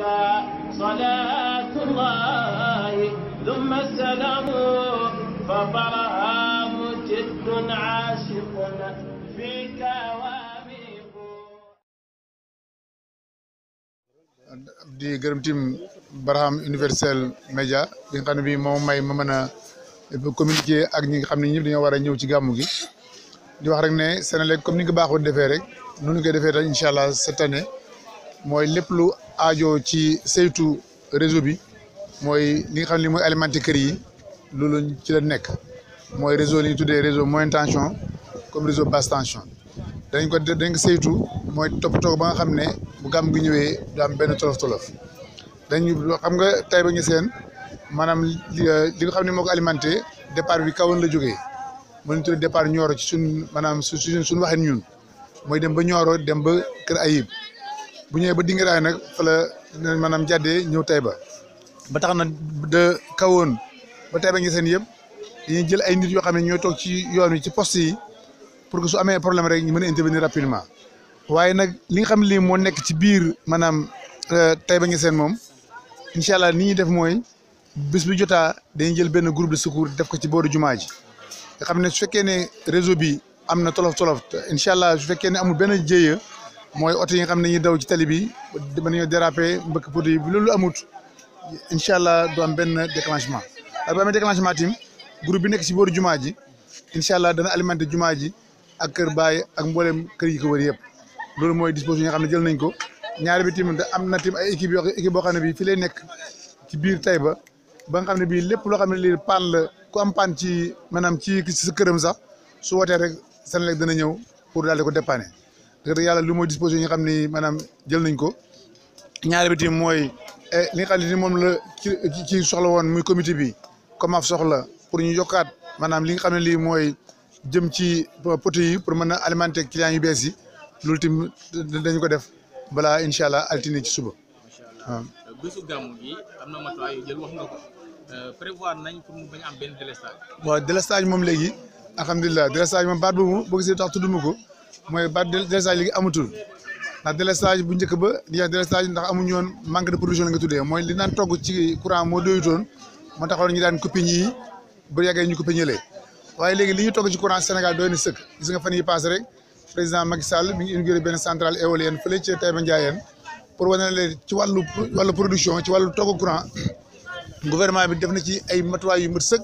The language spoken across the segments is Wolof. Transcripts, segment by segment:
عليك صلاة gërëm tim Barham Universel Média bi nga xam ne bii moom may ma mën a communiquer ak ñi nga xam ne ñëpp dañoo war a ñëw ci gàmmu gi di wax rek ne Senelec comme ni nga ko baaxoo defee rek noonu ñu koy defee rek incha allah cette mooy lépp aajo ci saytu réseau bi mooy li nga xam ne mooy alimenté kër yi loolu ci la nekk mooy réseau li tuddee réseau moyenne tension comme réseau basse tension dañ ko dañ ko saytu mooy toppatoo ba nga xam ne bu gàmm gi ñëwee du benn tolof tolof dañu xam nga tay ba ngi seen maanaam euh, li nga xam ne moo ko alimenté départ bi kawoon la jógee mën tuddee départ Nioro ci suñ maanaam su suñ waxin ñun mooy dem ba Nioro dem ba Kër Ayib bu ñëwee ba dingiraay nag fa la maanaam jàddee ñëw Taïba ba tax na de kawoon ba Taïba ngi seen yëpp ñu jël ay nit yoo xam ne ñooy toog ci yoon wi ci poste yi pour que su amee problème rek ñu mën a intervenir rapidement waaye nag li nga xam ne lii moo nekk ci biir maanaam euh, Taïba ngi seen moom incha allah ni ñuy def mooy bis bi jotaa dañ jël benn groupe de secours def ko ci booru jumaa xam ne su fekkee ne réseau bi am na tolof tolof incha allah su fekkee ne amul benn jéeya. mooy oto yi nga xam ne ñuy daw ci tali bi mën nañoo déraper mbëkk poteau yi bu loolu amut incha allah du am benn déclenchement waaye bu amee déclenchement tim groupe bi nekk si booru jumaa ji incha allah dana alimenté jumaa ji ak kër baay ak kër yi ko wër yëpp loolu mooy disposition yi nga xam ne jël nañ ko ñaari bi tim am na tim ay équipe yoo boo xam ne bii fii nekk ci biir Taïba ba ba nga xam ne bii lépp loo xam ne lii paan la ku am paan ci maanaam ci sa këram sax su wootee rek Senelec dana ñëw pour daal di ko dépanner peut yàlla lu mooy disposition yi nga xam ni maanaam jël nañ ko ñaari biti mooy eh, li moom la ci ci soxla woon muy comité bi comme soxla pour ñu yokkaat maanaam li nga xam ne lii mooy jëm ci poto yi pour mën a alimenter clients yu bees yi loolu tamit dañu ko def balaa incha allah altine ci suba. waaw euh, bésu gàmmu wax nga ko euh, nañ pour mu bañ am benn délestage. waaw délestage moom léegi alhamdulilah délestage moom baat boobu boo gisee tax tudd ko. mooy ba délestage léegi amatul ndax délestage bu njëkk ba li ñuy ndax amuñu woon manque de production la nga tuddee mooy li naan togg ci courant moo doyutoon moo taxoon ñu daan coupé ñii bu yàggee ñu coupé ñëlee waaye léegi li ñu toog ci courant Sénégal doy na sëkk gis nga fan yi passé rek président Macky Sall mi ngi inauguré benn centrale éolienne fële ci Taïba Ndiayène pour wane leen ci wàllu wàllu production ci wàllu toog courant gouvernement bi def na ci ay matuwaay yu mat sëkk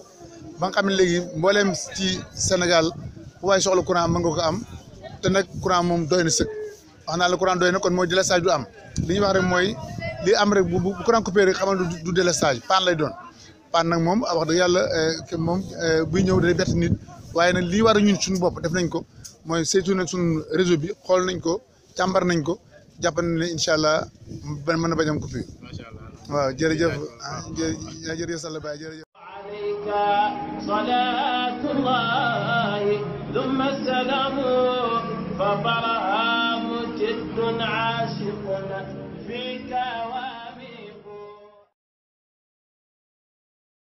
ba nga xam ne léegi mbooleem ci Sénégal waaye soxla courant mën nga ko am te nag courant moom doy na sëkk wax naa la courant doy na kon mooy délestage du am li ñuy wax rek mooy li am rek bu bu courant coupé rek xamal du du délestage lay doon panne nag moom wax dëgg yàlla euh, moom euh, bu ñëw day bett nit waaye nag lii war a ñun suñu bopp def nañ ko mooy saytu nañ suñu réseau bi xool nañ ko càmbar nañ ko jàpp nañ ne allah ba mën a bañ a am coupure waaw ah, jërëjëf jërëjëf Sall Ba jërëjëf. عليك صلاة الله ثم السلام وبرهام جد عاشقنا فيك